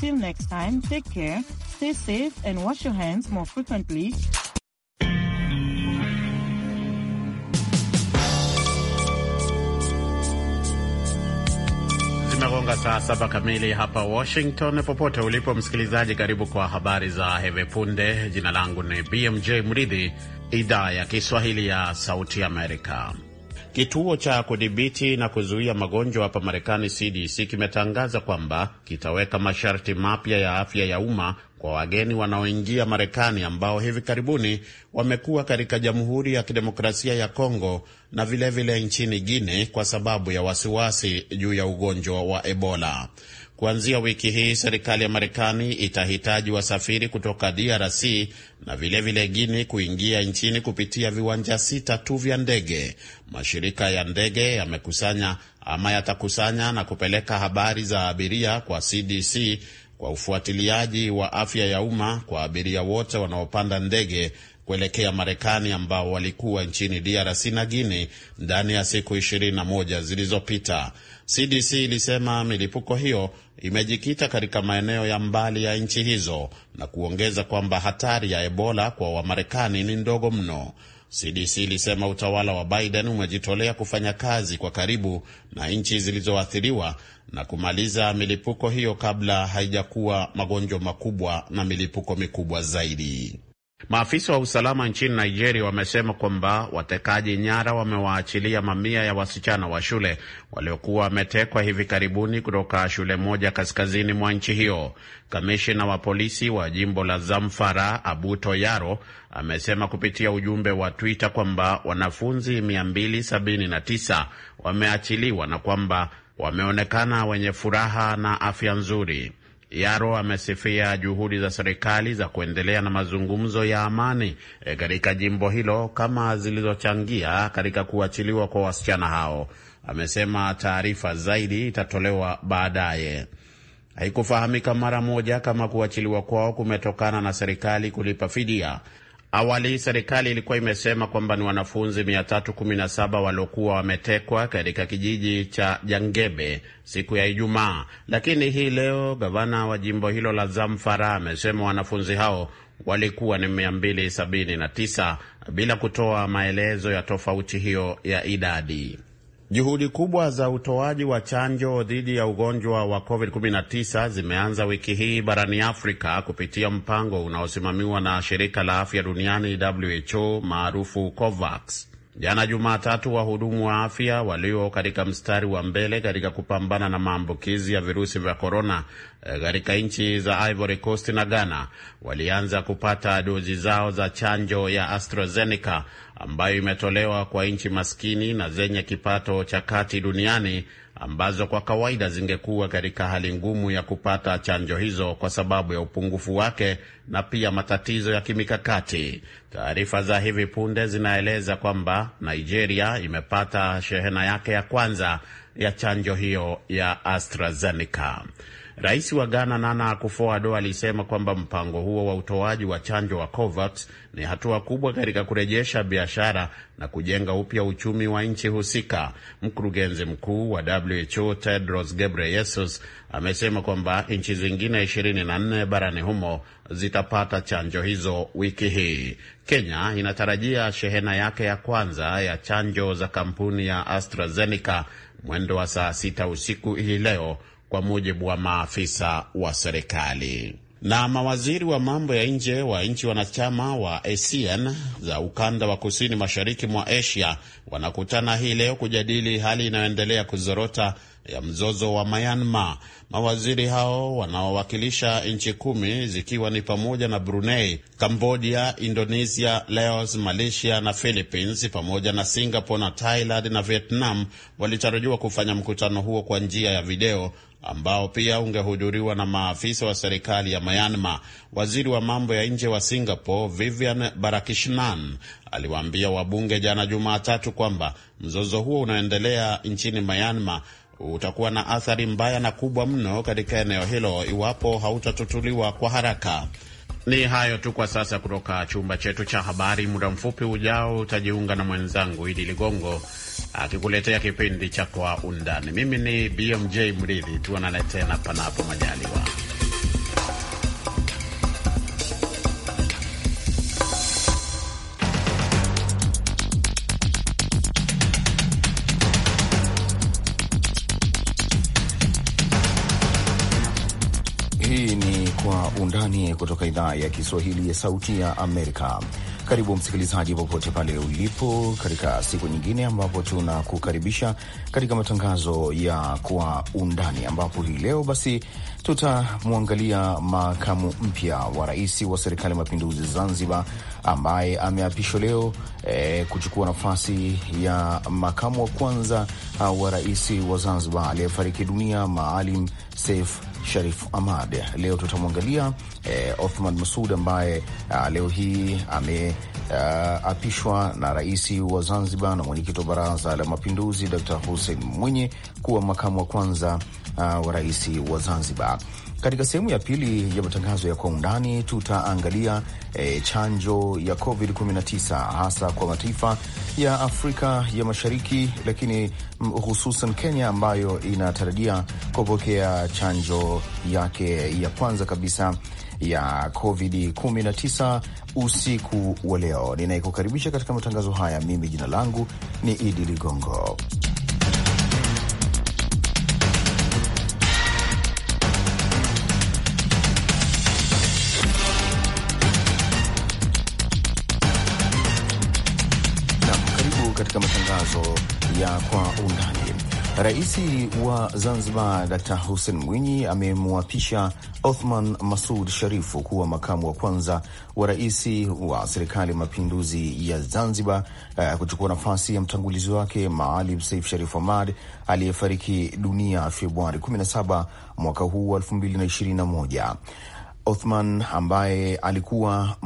Till next time, take care, stay safe and wash your hands more frequently. Zimegonga saa saba kamili hapa Washington. Popote ulipo msikilizaji, karibu kwa habari za hivi punde. Jina langu ni BMJ Mridhi, idhaa ya Kiswahili ya Sauti Amerika. Kituo cha kudhibiti na kuzuia magonjwa hapa Marekani, CDC, kimetangaza kwamba kitaweka masharti mapya ya afya ya umma kwa wageni wanaoingia Marekani ambao hivi karibuni wamekuwa katika Jamhuri ya Kidemokrasia ya Kongo na vilevile vile nchini Guinea kwa sababu ya wasiwasi juu ya ugonjwa wa Ebola. Kuanzia wiki hii serikali ya Marekani itahitaji wasafiri kutoka DRC na vilevile Guini kuingia nchini kupitia viwanja sita tu vya ndege. Mashirika ya ndege yamekusanya ama yatakusanya na kupeleka habari za abiria kwa CDC kwa ufuatiliaji wa afya ya umma kwa abiria wote wanaopanda ndege kuelekea Marekani ambao walikuwa nchini DRC na Guinea ndani ya siku 21 zilizopita. CDC ilisema milipuko hiyo imejikita katika maeneo ya mbali ya nchi hizo na kuongeza kwamba hatari ya Ebola kwa Wamarekani ni ndogo mno. CDC ilisema utawala wa Biden umejitolea kufanya kazi kwa karibu na nchi zilizoathiriwa na kumaliza milipuko hiyo kabla haijakuwa magonjwa makubwa na milipuko mikubwa zaidi. Maafisa wa usalama nchini Nigeria wamesema kwamba watekaji nyara wamewaachilia mamia ya wasichana wa shule waliokuwa wametekwa hivi karibuni kutoka shule moja kaskazini mwa nchi hiyo. Kamishina wa polisi wa jimbo la Zamfara, Abuto Yaro, amesema kupitia ujumbe wa Twitter kwamba wanafunzi 279 wameachiliwa na kwamba wameonekana wenye furaha na afya nzuri. Yaro amesifia juhudi za serikali za kuendelea na mazungumzo ya amani eh, katika jimbo hilo kama zilizochangia katika kuachiliwa kwa wasichana hao. Amesema taarifa zaidi itatolewa baadaye. Haikufahamika mara moja kama kuachiliwa kwao kumetokana na serikali kulipa fidia, Awali serikali ilikuwa imesema kwamba ni wanafunzi 317 waliokuwa wametekwa katika kijiji cha Jangebe siku ya Ijumaa, lakini hii leo gavana wa jimbo hilo la Zamfara amesema wanafunzi hao walikuwa ni 279 bila kutoa maelezo ya tofauti hiyo ya idadi. Juhudi kubwa za utoaji wa chanjo dhidi ya ugonjwa wa COVID-19 zimeanza wiki hii barani Afrika kupitia mpango unaosimamiwa na shirika la afya duniani WHO maarufu COVAX. Jana Jumatatu, wahudumu wa afya walio katika mstari wa mbele katika kupambana na maambukizi ya virusi vya korona eh, katika nchi za Ivory Coast na Ghana walianza kupata dozi zao za chanjo ya AstraZeneca ambayo imetolewa kwa nchi maskini na zenye kipato cha kati duniani ambazo kwa kawaida zingekuwa katika hali ngumu ya kupata chanjo hizo kwa sababu ya upungufu wake na pia matatizo ya kimikakati. Taarifa za hivi punde zinaeleza kwamba Nigeria imepata shehena yake ya kwanza ya chanjo hiyo ya AstraZeneca. Rais wa Ghana Nana Akufo-Addo alisema kwamba mpango huo wa utoaji wa chanjo wa COVAX ni hatua kubwa katika kurejesha biashara na kujenga upya uchumi wa nchi husika. Mkurugenzi mkuu wa WHO Tedros Ghebreyesus amesema kwamba nchi zingine 24 barani humo zitapata chanjo hizo wiki hii. Kenya inatarajia shehena yake ya kwanza ya chanjo za kampuni ya AstraZeneca mwendo wa saa sita usiku hii leo kwa mujibu wa maafisa wa serikali. Na mawaziri wa mambo ya nje wa nchi wanachama wa ASEAN za ukanda wa kusini mashariki mwa Asia wanakutana hii leo kujadili hali inayoendelea kuzorota ya mzozo wa Myanmar. Mawaziri hao wanaowakilisha nchi kumi zikiwa ni pamoja na Brunei, kambodia Indonesia, Laos, Malaysia na Philippines pamoja na Singapore na Thailand na Vietnam walitarajiwa kufanya mkutano huo kwa njia ya video ambao pia ungehudhuriwa na maafisa wa serikali ya Myanmar. Waziri wa mambo ya nje wa Singapore Vivian Balakrishnan aliwaambia wabunge jana Jumatatu kwamba mzozo huo unaoendelea nchini Myanmar utakuwa na athari mbaya na kubwa mno katika eneo hilo iwapo hautatutuliwa kwa haraka. Ni hayo tu kwa sasa kutoka chumba chetu cha habari. Muda mfupi ujao utajiunga na mwenzangu Idi Ligongo akikuletea kipindi cha Kwa Undani. Mimi ni BMJ Mridhi, tuonane tena panapo majaliwa. Hii ni Kwa Undani kutoka idhaa ya Kiswahili ya Sauti ya Amerika. Karibu msikilizaji, popote pale ulipo, katika siku nyingine ambapo tunakukaribisha katika matangazo ya kwa undani, ambapo hii leo basi tutamwangalia makamu mpya wa rais wa serikali ya mapinduzi Zanzibar ambaye ameapishwa leo e, kuchukua nafasi ya makamu wa kwanza ah, wa rais wa Zanzibar aliyefariki dunia Maalim Seif Sharif Ahmad. Leo tutamwangalia e, Othman Masud ambaye a, ah, leo hii ameapishwa ah, na rais wa Zanzibar na mwenyekiti wa baraza la mapinduzi Dr Hussein Mwinyi kuwa makamu wa kwanza uh, wa rais wa Zanzibar. Katika sehemu ya pili ya matangazo ya kwa undani tutaangalia e, chanjo ya COVID-19 hasa kwa mataifa ya Afrika ya Mashariki, lakini mm, hususan Kenya ambayo inatarajia kupokea chanjo yake ya kwanza kabisa ya COVID-19 usiku wa leo. Ninayekukaribisha katika matangazo haya mimi jina langu ni Idi Ligongo. katika matangazo ya kwa undani. Rais wa Zanzibar Dr Hussein Mwinyi amemwapisha Othman Masud Sharifu kuwa makamu wa kwanza wa rais wa serikali ya mapinduzi ya Zanzibar, uh, kuchukua nafasi ya mtangulizi wake Maalim Seif Sharif Hamad aliyefariki dunia Februari 17 mwaka huu wa 2021. Othman ambaye alikuwa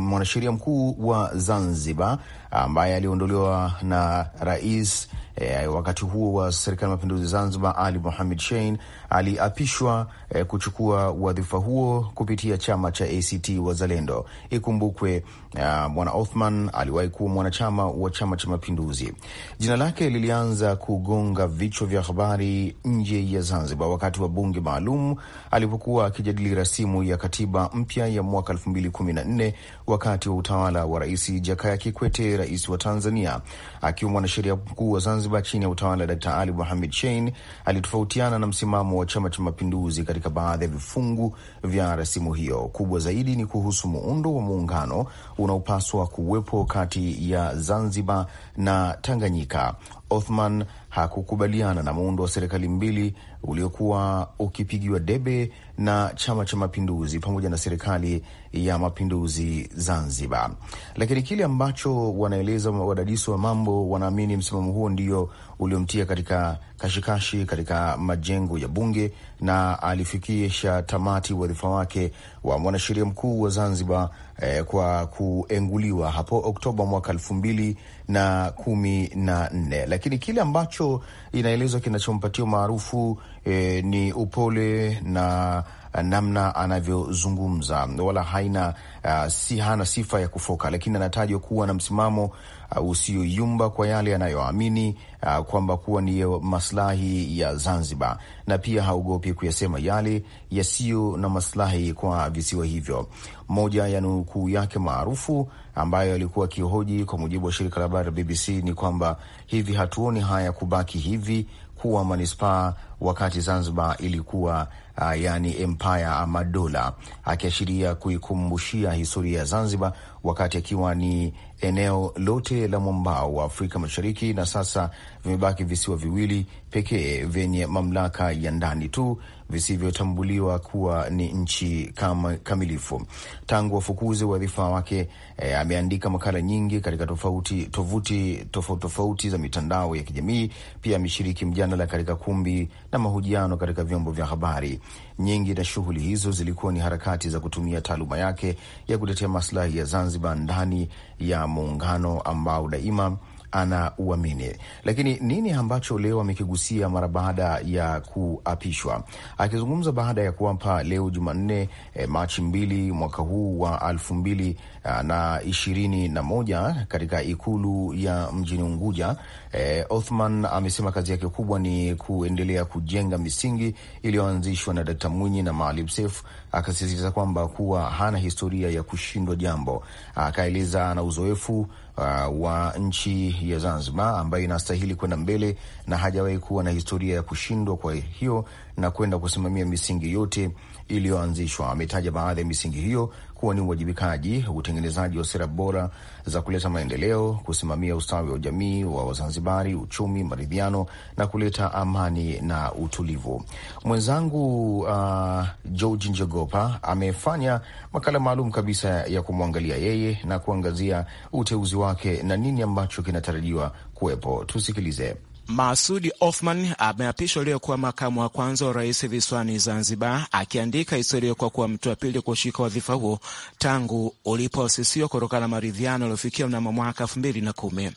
mwanasheria mkuu wa Zanzibar ambaye aliondolewa na rais E, wakati huo wa serikali ya mapinduzi Zanzibar, Ali Mohamed Shein aliapishwa e, kuchukua wadhifa huo kupitia chama cha ACT Wazalendo. Ikumbukwe uh, Bwana Othman aliwahi kuwa mwanachama wa chama cha mapinduzi. Jina lake lilianza kugonga vichwa vya habari nje ya Zanzibar wakati wa bunge maalum alipokuwa akijadili rasimu ya katiba mpya ya mwaka elfu mbili kumi na nne wakati wa utawala wa Rais Jakaya Kikwete rais wa Tanzania akiwa mwanasheria mkuu wa Zanzibar chini ya utawala Dkt Ali Mohamed Shein alitofautiana na msimamo wa Chama cha Mapinduzi katika baadhi ya vifungu vya rasimu hiyo. Kubwa zaidi ni kuhusu muundo wa muungano unaopaswa kuwepo kati ya Zanzibar na Tanganyika Othman hakukubaliana na muundo wa serikali mbili uliokuwa ukipigiwa debe na Chama cha Mapinduzi pamoja na serikali ya mapinduzi Zanzibar, lakini kile ambacho wanaeleza wadadisi wa mambo, wanaamini msimamo huo ndio uliomtia katika kashikashi katika majengo ya Bunge na alifikisha tamati wadhifa wake wa mwanasheria mkuu wa Zanzibar eh, kwa kuenguliwa hapo Oktoba mwaka elfu mbili na kumi na nne, lakini kile ambacho inaelezwa kinachompatia umaarufu eh, ni upole na namna anavyozungumza wala haina uh, si hana sifa ya kufoka, lakini anatajwa kuwa na msimamo uh, usioyumba kwa yale yanayoamini uh, kwamba kuwa ni maslahi ya Zanzibar, na pia haogopi kuyasema yale yasiyo na maslahi kwa visiwa hivyo. Moja ya nukuu yake maarufu ambayo alikuwa akihoji kwa mujibu wa shirika la habari la BBC ni kwamba hivi hatuoni haya kubaki hivi kuwa manispaa wakati Zanzibar ilikuwa uh, yani empire ama dola, akiashiria kuikumbushia historia ya Zanzibar wakati akiwa ni eneo lote la mwambao wa Afrika Mashariki, na sasa vimebaki visiwa viwili pekee vyenye mamlaka ya ndani tu visivyotambuliwa kuwa ni nchi kama kamilifu. Tangu wafukuzi wadhifa wake e, ameandika makala nyingi katika tofauti tovuti tofauti tofauti za mitandao ya kijamii. Pia ameshiriki mjadala katika kumbi na mahojiano katika vyombo vya habari nyingi, na shughuli hizo zilikuwa ni harakati za kutumia taaluma yake ya kutetea maslahi ya Zanzibar ndani ya muungano ambao daima anauamini. Lakini nini ambacho leo amekigusia mara baada ya kuapishwa? Akizungumza baada ya kuapa leo Jumanne, eh, Machi mbili mwaka huu wa elfu mbili ah, na ishirini na moja katika ikulu ya mjini Unguja, eh, Othman amesema kazi yake kubwa ni kuendelea kujenga misingi iliyoanzishwa na Dkt. Mwinyi na Maalim Seif. Akasisitiza kwamba kuwa hana historia ya kushindwa jambo, akaeleza na uzoefu uh, wa nchi ya Zanzibar ambayo inastahili kwenda mbele na hajawahi kuwa na historia ya kushindwa. Kwa hiyo na kwenda kusimamia misingi yote iliyoanzishwa. Ametaja baadhi ya misingi hiyo kuwa ni uwajibikaji, utengenezaji wa sera bora za kuleta maendeleo, kusimamia ustawi wa jamii wa Wazanzibari, uchumi, maridhiano na kuleta amani na utulivu. Mwenzangu uh, George Njogopa amefanya makala maalum kabisa ya kumwangalia yeye na kuangazia uteuzi wake na nini ambacho kinatarajiwa kuwepo. Tusikilize. Masudi Othman ameapishwa leo kuwa makamu wa kwanza wa rais visiwani Zanzibar, akiandika historia kwa kuwa mtu wa pili kushika wadhifa huo tangu ulipoasisiwa kutokana na maridhiano yaliyofikia mnamo mwaka elfu mbili na kumi.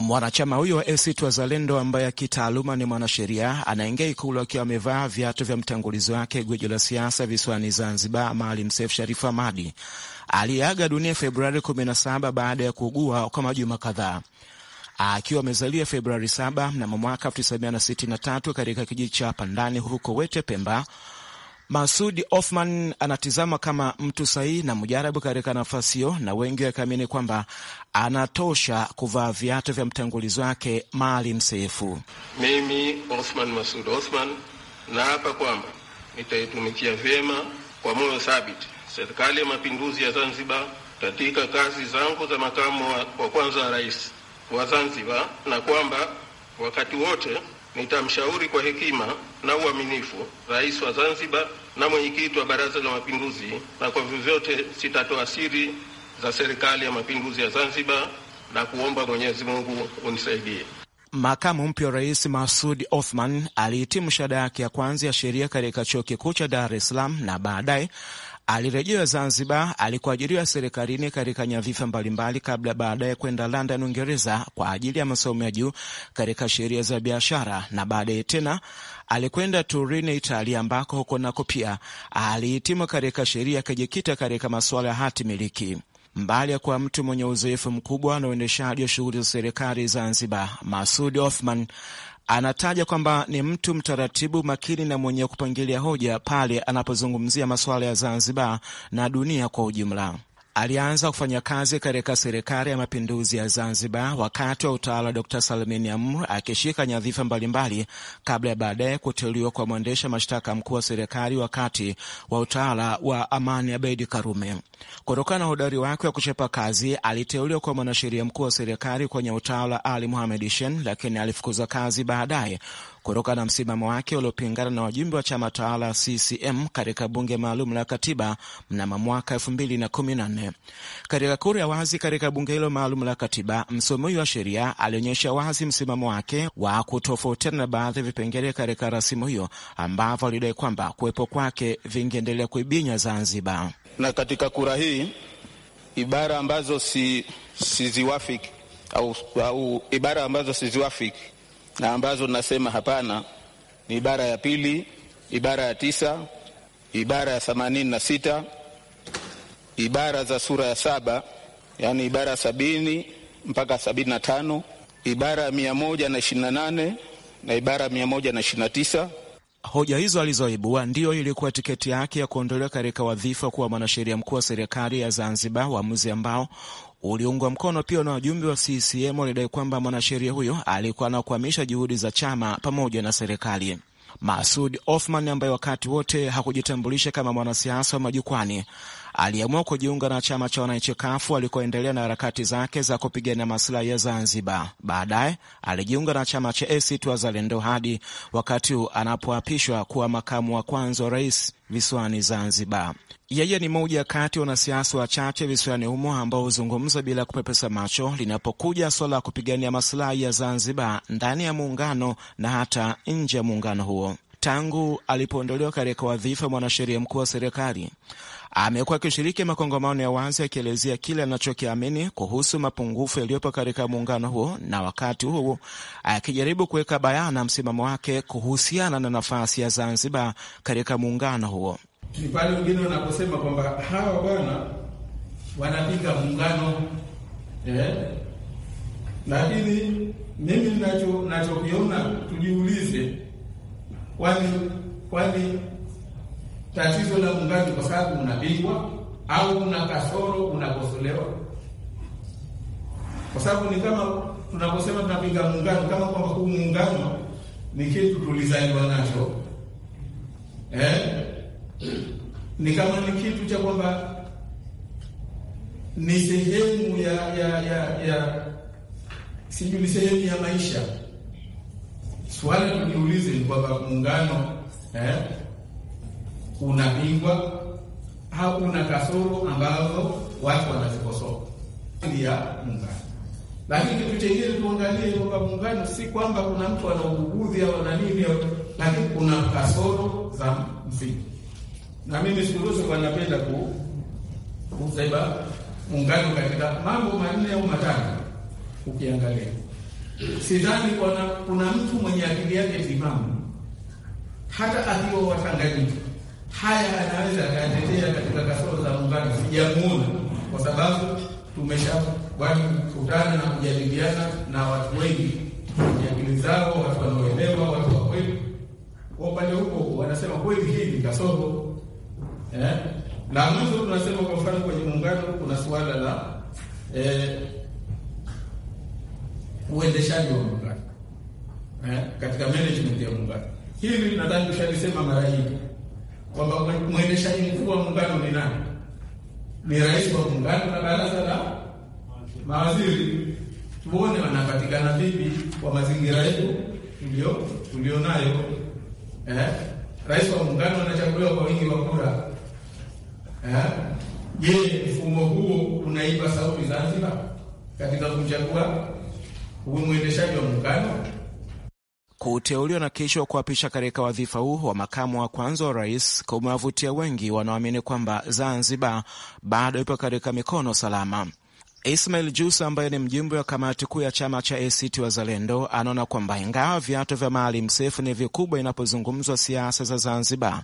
Mwanachama huyo wa ACT Wazalendo ambaye kitaaluma ni mwanasheria anaingia Ikulu akiwa amevaa viatu vya mtangulizi wake, gwiji la siasa visiwani Zanzibar, Maalim Seif Sharif Hamad aliyeaga dunia Februari 17 baada ya kuugua kwa majuma kadhaa akiwa amezaliwa Februari 7 mnamo mwaka 1963 katika kijiji cha Pandani huko Wete, Pemba. Masudi Othman anatizama kama mtu sahihi na mujarabu katika nafasi hiyo, na wengi wakiamini kwamba anatosha kuvaa viatu vya mtangulizi wake Maalim Seif. Mimi Othman Masud Othman naapa kwamba nitaitumikia vyema kwa moyo thabiti serikali ya mapinduzi ya Zanzibar katika kazi zangu za makamu wa kwanza wa rais wa Zanzibar, na kwamba wakati wote nitamshauri kwa hekima na uaminifu rais wa Zanzibar na mwenyekiti wa Baraza la Mapinduzi, na kwa vyovyote sitatoa siri za serikali ya mapinduzi ya Zanzibar na kuomba Mwenyezi Mungu unisaidie. Makamu mpya wa rais Masud Othman alihitimu shahada yake ya kwanza ya sheria katika chuo kikuu cha Dar es Salaam na baadaye Alirejea Zanzibar alikuajiriwa serikalini katika nyadhifa mbalimbali kabla baadaye kwenda London, Uingereza kwa ajili ya masomo ya juu katika sheria za biashara na baadaye tena alikwenda Turin, Italia, ambako huko nako pia alihitimu katika sheria akijikita katika masuala ya hati miliki. Mbali ya kuwa mtu mwenye uzoefu mkubwa na uendeshaji wa shughuli za serikali Zanzibar, Masud Othman Anataja kwamba ni mtu mtaratibu, makini na mwenye kupangilia hoja pale anapozungumzia masuala ya Zanzibar na dunia kwa ujumla alianza kufanya kazi katika serikali ya mapinduzi ya Zanzibar wakati wa utawala wa Dkt Salmin Amur akishika nyadhifa mbalimbali kabla ya baadaye kuteuliwa kwa mwendesha mashtaka mkuu wa serikali wakati wa utawala wa Amani Abeid Karume. Kutokana na udari wake wa kuchepa kazi, aliteuliwa kwa mwanasheria mkuu wa serikali kwenye utawala Ali muhamed Shein, lakini alifukuzwa kazi baadaye kutoka na msimamo wake uliopingana na wajumbe wa chama tawala CCM katika bunge maalum la katiba mnamo mwaka 2014. Katika kura ya wazi katika bunge hilo maalum la katiba, msomi wa sheria alionyesha wazi msimamo wake wa kutofautiana na baadhi ya vipengele katika rasimu hiyo ambavyo alidai kwamba kuwepo kwake vingeendelea kuibinywa Zanzibar. Na katika kura hii ibara ambazo si siziwafiki au, au ibara ambazo siziwafiki na ambazo nasema hapana ni ibara ya pili, ibara ya tisa, ibara ya themanini na sita, ibara za sura ya saba, yaani ibara ya sabini mpaka sabini na tano, ibara ya mia moja na ishirini na nane na ibara ya mia moja na ishirini na tisa. Hoja hizo alizoibua ndiyo ilikuwa tiketi yake ya kuondolewa katika wadhifa kuwa mwanasheria mkuu wa serikali ya Zanzibar, uamuzi ambao uliungwa mkono pia na wajumbe wa CCM walidai kwamba mwanasheria huyo alikuwa anakwamisha juhudi za chama pamoja na serikali. Masud Othman ambaye wakati wote hakujitambulisha kama mwanasiasa wa majukwani aliamua kujiunga na chama cha wananchi Kafu alikoendelea na harakati zake za kupigania masilahi ya Zanzibar. Baadaye alijiunga na chama cha ACT Wazalendo hadi wakati huu anapoapishwa kuwa makamu wa kwanza wa rais visiwani Zanzibar. Yeye ni moja kati ya wanasiasa wachache visiwani humo ambao huzungumza bila kupepesa macho linapokuja suala la kupigania masilahi ya Zanzibar ndani ya muungano na hata nje ya muungano huo. Tangu alipoondolewa katika wadhifa mwanasheria mkuu wa serikali amekuwa akishiriki makongamano ya wazi akielezea kile anachokiamini kuhusu mapungufu yaliyopo katika muungano huo, na wakati huo akijaribu kuweka bayana msimamo wake kuhusiana na nafasi ya Zanzibar katika muungano huo. Ni pale wengine wanaposema kwamba hawa bwana wanapinga muungano eh, lakini mimi nachokiona nacho, tujiulize kwani kwani tatizo la ungaji kwa sababu unapigwa au una kasoro unakosolewa, kwa sababu ni kama tunaposema tunapinga muungano, kama kwamba huu muungano ni kitu tulizaliwa nacho eh? ni kama ni kitu cha kwamba ni sehemu ya ya ya, ya sijui ni sehemu ya maisha. Swali tujiulize ni kwamba muungano eh? kuna bingwa au kuna kasoro ambazo watu wanazikosoa ili ya muungano. Lakini kitu chengine tuangalie kwamba muungano si kwamba kuna mtu ana ubuguzi au na nini, lakini kuna kasoro za msingi. Na mimi sikuruhusu kwa napenda ku kusema muungano katika mambo manne au matano ukiangalia. Sidhani kuna kuna mtu mwenye akili yake timamu hata akiwa Watanganyika haya yanaweza yakaendelea katika kasoro za muungano, sijamuona kwa sababu tumeshawahi kukutana na kujadiliana na watu wengi wenye akili zao, watu wanaoelewa, watu wa kweli. Kwa upande huko wanasema kweli hii ni kasoro eh? na mwisho tunasema kwa mfano kwenye muungano kuna suala la eh, uendeshaji wa muungano eh, katika management ya muungano. Hili nadhani tushalisema mara nyingi kwamba mwendeshaji mkuu wa muungano ni nani? Ni rais wa muungano na baraza la mawaziri. Tuone wanapatikana vipi kwa mazingira yetu tulio tulio nayo eh? Rais wa muungano anachaguliwa kwa wingi wa kura eh? Je, mfumo huo unaipa sauti Zanzibar katika kumchagua huyu mwendeshaji wa muungano? Kuteuliwa na wa kuapisha katika wadhifa huu wa makamu wa kwanza wa rais kumewavutia wengi wanaoamini kwamba Zanzibar bado ipo katika mikono salama. Ismail jus ambaye ni mjumbe wa kamati kuu ya chama cha ACT Wazalendo anaona kwamba ingawa viatu vya Maalim Seif ni vikubwa inapozungumzwa siasa za Zanzibar,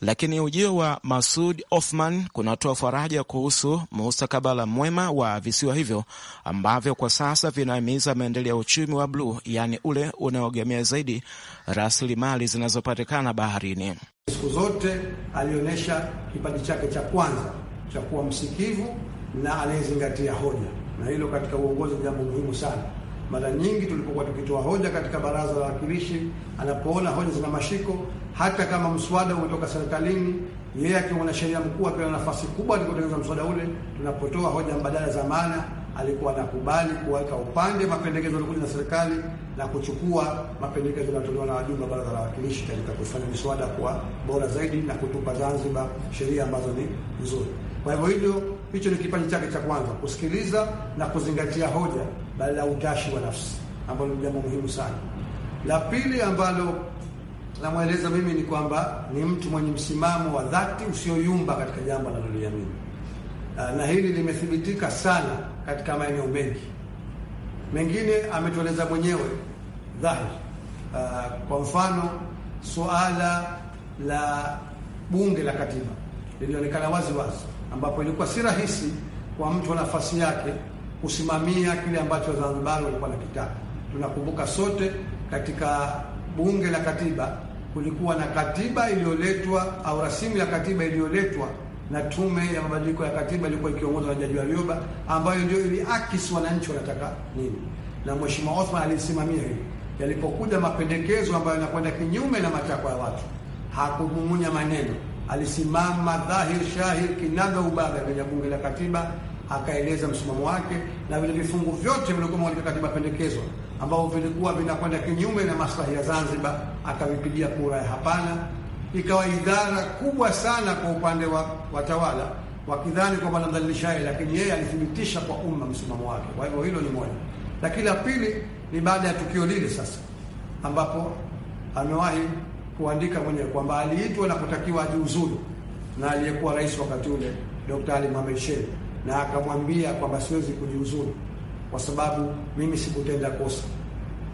lakini ujio wa Masud Othman kunatoa faraja kuhusu mustakabala mwema wa visiwa hivyo ambavyo kwa sasa vinahimiza maendeleo ya uchumi wa bluu, yaani ule unaoegemea zaidi rasilimali zinazopatikana baharini. Siku zote alionyesha kipaji chake cha kwanza cha kuwa msikivu na anayezingatia hoja, na hilo katika uongozi jambo muhimu sana. Mara nyingi tulipokuwa tukitoa hoja katika Baraza la Wawakilishi, anapoona hoja zina mashiko hata kama mswada umetoka serikalini, yeye akiwa mwanasheria mkuu na nafasi kubwa kutengeneza mswada ule. Tunapotoa hoja mbadala za maana, alikuwa anakubali kuweka upande mapendekezo yaliokuja na serikali na kuchukua mapendekezo yanayotolewa na wajumbe wa baraza la wawakilishi katika kufanya miswada kuwa bora zaidi na kutupa Zanzibar sheria ambazo ni nzuri. Kwa hivyo hilo hicho ni kipaji chake cha kwanza, kusikiliza na kuzingatia hoja badala ya utashi wa nafsi, ambalo ni jambo muhimu sana. La pili ambalo namweleza mimi ni kwamba ni mtu mwenye msimamo wa dhati usioyumba katika jambo analoliamini, ah, na hili limethibitika sana katika maeneo mengi. Mengine ametueleza mwenyewe dhahiri. Ah, kwa mfano, suala la bunge la katiba lilionekana wazi wazi, ambapo ilikuwa si rahisi kwa mtu wa nafasi yake kusimamia kile ambacho Zanzibar walikuwa na kitaka. Tunakumbuka sote katika bunge la katiba kulikuwa na katiba iliyoletwa au rasimu ya katiba iliyoletwa na tume ya mabadiliko ya katiba ilikuwa ikiongozwa na Jaji Warioba, ambayo ndio iliakisi wananchi wanataka nini, na Mheshimiwa Othman alisimamia hiyo. Yalipokuja mapendekezo ambayo yanakwenda kinyume na matakwa ya watu, hakugumunya maneno, alisimama dhahir shahir, kinaga ubaga kwenye bunge la katiba akaeleza msimamo wake na vile vifungu vyote vilikuwa katika katiba pendekezwa ambavyo vilikuwa vinakwenda kinyume na maslahi ya Zanzibar, akavipigia kura ya hapana. Ikawa idhara kubwa sana kwa upande wa watawala, wakidhani kwamba anamdhalilishaye, lakini yeye alithibitisha kwa umma msimamo wake. Kwa hivyo hilo ni moja, lakini la pili ni baada ya tukio lile sasa, ambapo amewahi kuandika mwenyewe kwamba aliitwa na kutakiwa ajiuzulu na aliyekuwa rais wakati ule Dr. Ali Mohamed Shein na akamwambia kwamba siwezi kujiuzuru kwa sababu mimi sikutenda kosa.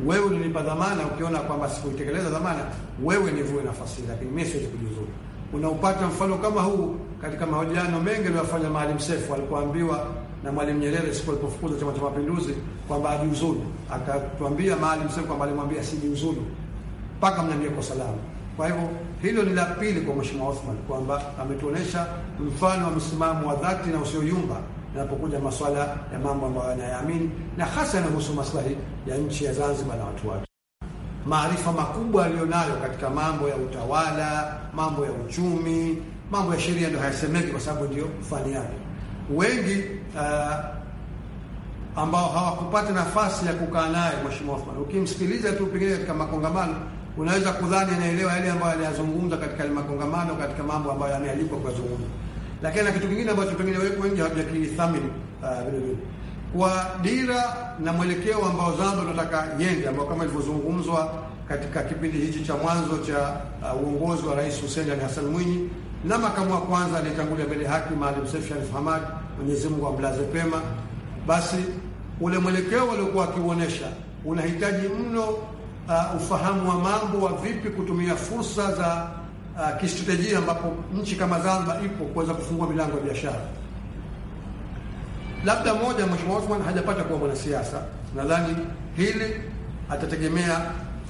Wewe ulinipa dhamana, ukiona kwamba sikuitekeleza dhamana, wewe nivue nafasi, lakini mimi siwezi kujiuzuru. Unaupata mfano kama huu katika mahojiano mengi aliyofanya Maalim Sefu Alipoambiwa na Mwalimu Nyerere siku alipofukuza Chama cha Mapinduzi kwamba ajiuzuru, akatuambia Maalim Sefu kwamba alimwambia sijiuzuru mpaka mniambie kosa langu. Kwa hivyo hilo ni la pili kwa Mheshimiwa Othman kwamba ametuonesha mfano wa msimamo wa dhati na usioyumba yanapokuja masuala ya mambo ambayo anayaamini na hasa yanahusu maslahi ya nchi ya Zanzibar na watu wake. Maarifa makubwa aliyonayo katika mambo ya utawala, mambo ya uchumi, mambo ya sheria ndio hayasemeki kwa sababu ndio fani yake. Wengi uh, ambao hawakupata nafasi ya kukaa naye Mheshimiwa Othman, ukimsikiliza tu pengine katika makongamano unaweza kudhani anaelewa yale ambayo anayazungumza katika makongamano, katika mambo ambayo amealikwa kuyazungumza, lakini na kitu kingine ambacho pengine wengi hawajakili thamini uh, vile kwa dira na mwelekeo ambao Zanzibar tunataka yende, ambao kama ilivyozungumzwa katika kipindi hichi cha mwanzo cha uh, uongozi wa Rais Hussein Ali Hassan Mwinyi na makamu wa kwanza aliyetangulia mbele haki Maalim Seif Sharif Hamad, Mwenyezi Mungu amlaze pema. Basi ule mwelekeo waliokuwa akiuonyesha unahitaji mno uh, ufahamu wa mambo wa vipi kutumia fursa za uh, kistratejia ambapo nchi kama Zanzibar ipo kuweza kufungua milango ya biashara. Labda moja, Mheshimiwa Othman hajapata kuwa mwanasiasa, nadhani hili atategemea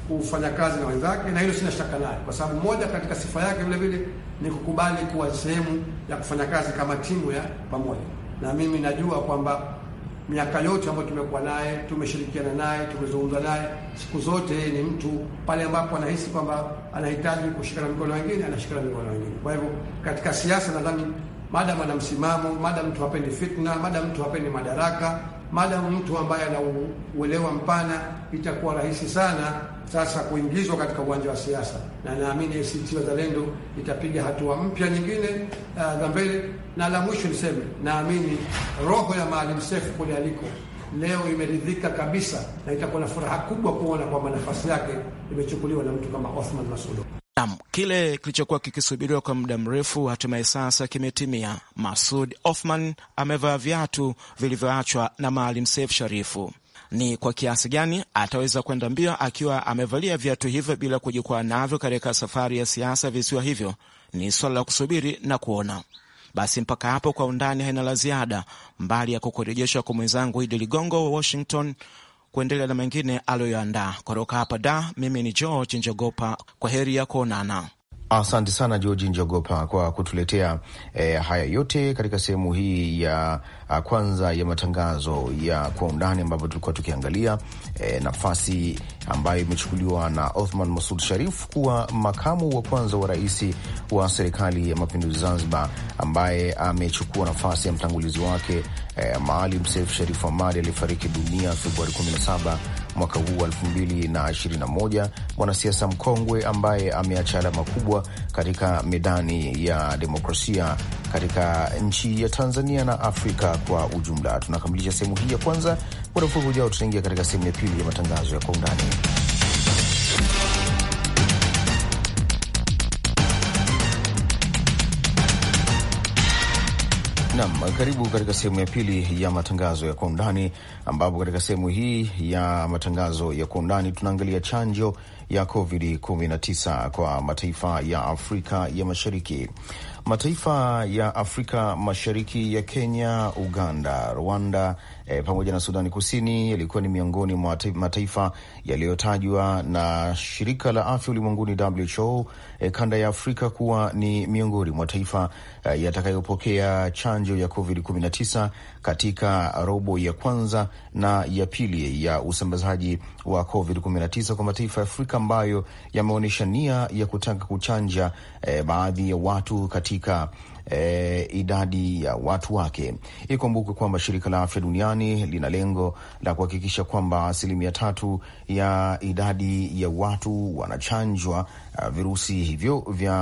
kufanya kazi na wenzake, na hilo sina shaka naye, kwa sababu moja katika sifa yake vile vile ni kukubali kuwa sehemu ya kufanya kazi kama timu ya pamoja, na mimi najua kwamba miaka yote ambayo tumekuwa naye, tumeshirikiana naye, tumezungumza naye siku zote. Ni mtu pale ambapo anahisi kwamba anahitaji kushikana mikono wengine, anashikana mikono wengine. Kwa hivyo katika siasa nadhani madam ana msimamo, madam mtu hapendi fitna, madam mtu hapendi madaraka, Madamu mtu ambaye ana uelewa mpana, itakuwa rahisi sana sasa kuingizwa katika uwanja wa siasa, na naamini ACT Wazalendo itapiga hatua mpya nyingine uh, za uh, mbele. Na la mwisho niseme, naamini roho ya Maalim Seif kule aliko leo imeridhika kabisa, na itakuwa na furaha kubwa kuona kwamba nafasi yake imechukuliwa na mtu kama Othman Masoud. Nam, kile kilichokuwa kikisubiriwa kwa muda mrefu hatimaye sasa kimetimia. Masud Othman amevaa viatu vilivyoachwa na Maalim Seif Sharifu. Ni kwa kiasi gani ataweza kwenda mbio akiwa amevalia viatu hivyo bila kujikwaa navyo katika safari ya siasa visiwa hivyo, ni swala la kusubiri na kuona. Basi mpaka hapo, kwa undani haina la ziada, mbali ya kukurejesha kwa mwenzangu Idi Ligongo wa Washington kuendelea na mengine aliyoandaa. Kutoka hapa da, mimi ni George Njogopa, kwa heri ya kuonana. Asante sana Georgi Njogopa kwa kutuletea eh, haya yote katika sehemu hii ya ah, kwanza ya matangazo ya kwa undani, ambapo tulikuwa tukiangalia eh, nafasi ambayo imechukuliwa na Othman Masud Sharif kuwa makamu wa kwanza wa rais wa serikali ya mapinduzi Zanzibar, ambaye amechukua nafasi ya mtangulizi wake eh, Maalim Seif Sharif Hamad aliyefariki dunia Februari 17 mwaka huu wa 2021, mwanasiasa mkongwe ambaye ameacha alama kubwa katika medani ya demokrasia katika nchi ya Tanzania na Afrika kwa ujumla. Tunakamilisha sehemu hii ya kwanza. Muda mfupi ujao, tutaingia katika sehemu ya pili ya matangazo ya kwa undani. Nam, karibu katika sehemu ya pili ya matangazo ya kwa undani, ambapo katika sehemu hii ya matangazo ya kwa undani tunaangalia chanjo ya COVID-19 kwa mataifa ya Afrika ya Mashariki. Mataifa ya Afrika Mashariki ya Kenya, Uganda, Rwanda e, pamoja na Sudani Kusini yalikuwa ni miongoni mwa mataifa yaliyotajwa na shirika la afya ulimwenguni WHO e, eh, kanda ya Afrika kuwa ni miongoni mwa taifa e, yatakayopokea chanjo ya COVID-19 katika robo ya kwanza na ya pili ya usambazaji wa COVID-19 kwa mataifa ya Afrika ambayo yameonyesha nia ya kutaka kuchanja e, baadhi ya watu kati katika E, idadi ya watu wake. Ikumbukwe kwamba shirika la afya duniani lina lengo la kuhakikisha kwamba asilimia tatu ya idadi ya watu wanachanjwa uh, virusi hivyo vya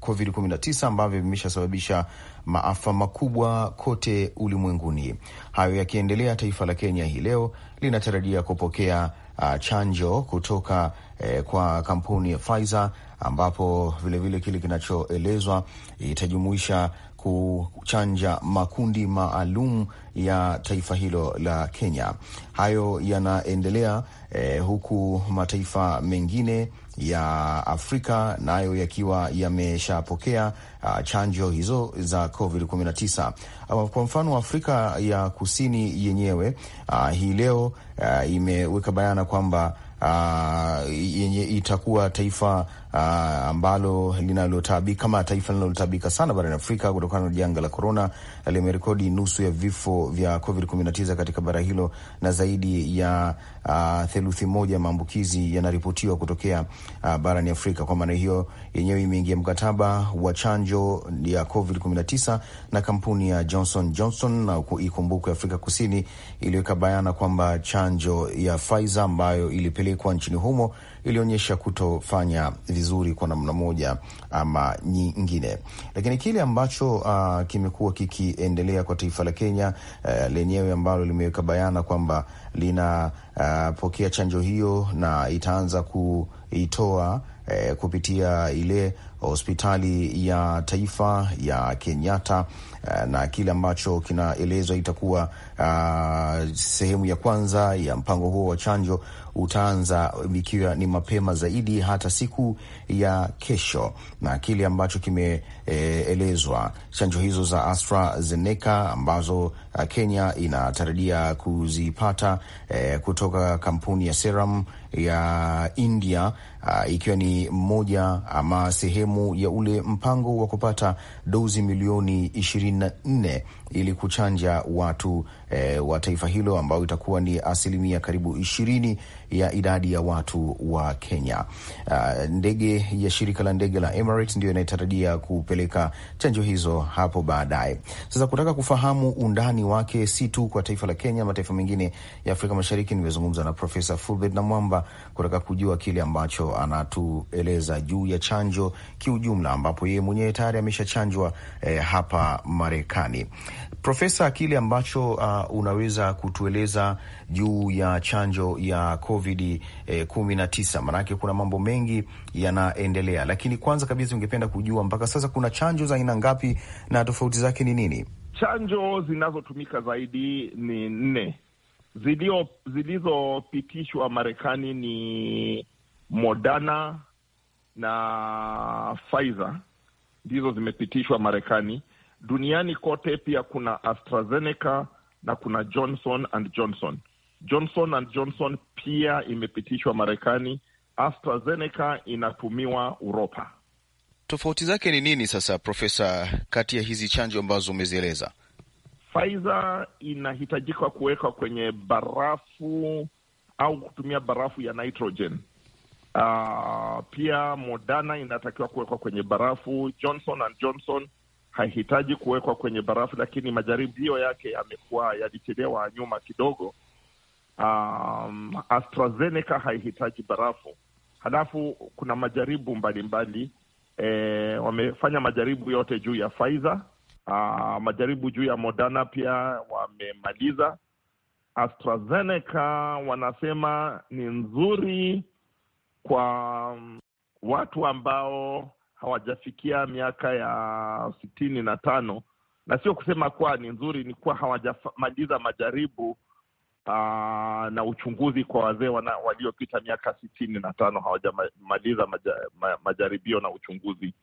COVID-19 ambavyo vimeshasababisha maafa makubwa kote ulimwenguni. Hayo yakiendelea, taifa la Kenya hii leo linatarajia kupokea uh, chanjo kutoka eh, kwa kampuni ya Pfizer ambapo vilevile kile kinachoelezwa itajumuisha kuchanja makundi maalum ya taifa hilo la Kenya. Hayo yanaendelea eh, huku mataifa mengine ya Afrika nayo na yakiwa yameshapokea uh, chanjo hizo za COVID-19. Uh, kwa mfano Afrika ya Kusini yenyewe uh, hii leo uh, imeweka bayana kwamba uh, yenye itakuwa taifa uh, ambalo linalotaabika kama taifa linalotaabika sana barani Afrika kutokana na janga la korona, limerekodi nusu ya vifo vya Covid 19 katika bara hilo na zaidi ya uh, theluthi moja maambukizi yanaripotiwa kutokea uh, barani Afrika. Kwa maana hiyo yenyewe imeingia mkataba wa chanjo ya Covid 19 na kampuni ya Johnson Johnson, na ikumbukwe Afrika Kusini iliweka bayana kwamba chanjo ya Pfizer ambayo ilipelekwa nchini humo ilionyesha kutofanya vizuri vizuri kwa namna moja ama nyingine. Lakini kile ambacho uh, kimekuwa kikiendelea kwa taifa la Kenya uh, lenyewe ambalo limeweka bayana kwamba linapokea uh, chanjo hiyo na itaanza kuitoa uh, kupitia ile hospitali ya taifa ya Kenyatta eh, na kile ambacho kinaelezwa itakuwa uh, sehemu ya kwanza ya mpango huo wa chanjo utaanza ikiwa ni mapema zaidi hata siku ya kesho, na kile ambacho kimeelezwa e, chanjo hizo za AstraZeneca ambazo ah, Kenya inatarajia kuzipata e, kutoka kampuni ya Serum ya India, uh, ikiwa ni moja ama sehemu sehemu ya ule mpango wa kupata dozi milioni 24 ili kuchanja watu e, wa taifa hilo ambao itakuwa ni asilimia karibu ishirini ya idadi ya watu wa Kenya. Uh, ndege ya shirika la ndege la Emirates ndiyo inayotarajia kupeleka chanjo hizo hapo baadaye. Sasa kutaka kufahamu undani wake si tu kwa taifa la Kenya, mataifa mengine ya Afrika Mashariki, nimezungumza na Profesa Fulbert Mwamba kutaka kujua kile ambacho anatueleza juu ya chanjo kiujumla, ambapo yeye mwenyewe tayari ameshachanjwa ugonjwa eh, hapa Marekani. Profesa, kile ambacho uh, unaweza kutueleza juu ya chanjo ya COVID eh, kumi na tisa, maanake kuna mambo mengi yanaendelea, lakini kwanza kabisa ungependa kujua mpaka sasa kuna chanjo za aina ngapi na tofauti zake ni nini? Chanjo zinazotumika zaidi ni nne zilizopitishwa Marekani ni Moderna na Pfizer ndizo zimepitishwa Marekani. Duniani kote pia kuna AstraZeneca na kuna Johnson and Johnson. Johnson and Johnson pia imepitishwa Marekani. AstraZeneca inatumiwa Uropa. Tofauti zake ni nini sasa, Profesa, kati ya hizi chanjo ambazo umezieleza? Pfizer inahitajika kuwekwa kwenye barafu au kutumia barafu ya nitrogen Uh, pia Moderna inatakiwa kuwekwa kwenye barafu. Johnson and Johnson haihitaji kuwekwa kwenye barafu, lakini majaribio yake yamekuwa yalichelewa nyuma kidogo. Um, AstraZeneca haihitaji barafu. Halafu kuna majaribu mbalimbali mbali. Eh, e, wamefanya majaribu yote juu ya Pfizer. Uh, majaribu juu ya Moderna pia wamemaliza. AstraZeneca wanasema ni nzuri kwa mm, watu ambao hawajafikia miaka ya sitini na tano na sio kusema kuwa ni nzuri, ni kuwa hawajamaliza majaribu aa, ah, na uchunguzi kwa wazee waliopita miaka sitini na tano hawajamaliza maja, ma, majaribio na uchunguzi.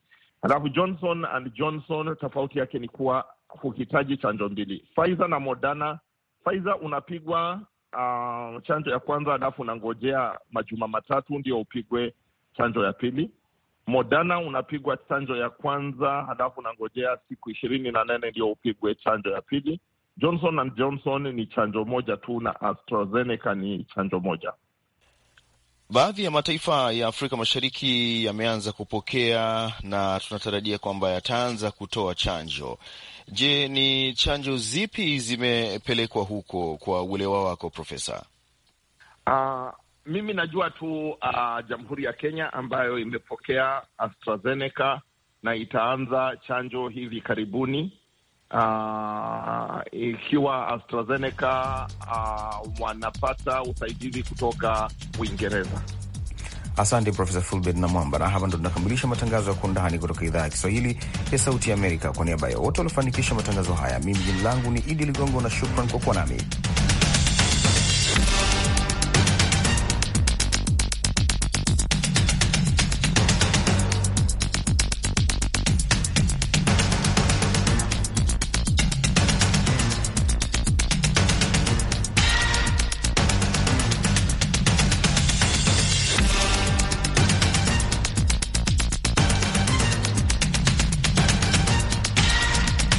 alafu Johnson and Johnson tofauti yake ni kuwa huhitaji chanjo mbili. Pfizer na Moderna, Pfizer unapigwa uh, chanjo ya kwanza, alafu unangojea majuma matatu ndio upigwe chanjo ya pili. Moderna unapigwa chanjo ya kwanza, halafu unangojea siku ishirini na nane ndio upigwe chanjo ya pili. Johnson and Johnson ni chanjo moja tu na AstraZeneca ni chanjo moja. Baadhi ya mataifa ya Afrika Mashariki yameanza kupokea na tunatarajia kwamba yataanza kutoa chanjo. Je, ni chanjo zipi zimepelekwa huko kwa uelewa wako profesa? Uh, mimi najua tu uh, Jamhuri ya Kenya ambayo imepokea AstraZeneca na itaanza chanjo hivi karibuni. Uh, ikiwa AstraZeneca uh, wanapata usaidizi kutoka Uingereza. Asante Profesa Fulbert na Mwamba, na hapa ndo tunakamilisha matangazo ya kuundani kutoka idhaa ya Kiswahili ya Sauti ya Amerika. Kwa niaba ya wote waliofanikisha matangazo haya, mimi jina langu ni Idi Ligongo na shukran kwa kuwa nami.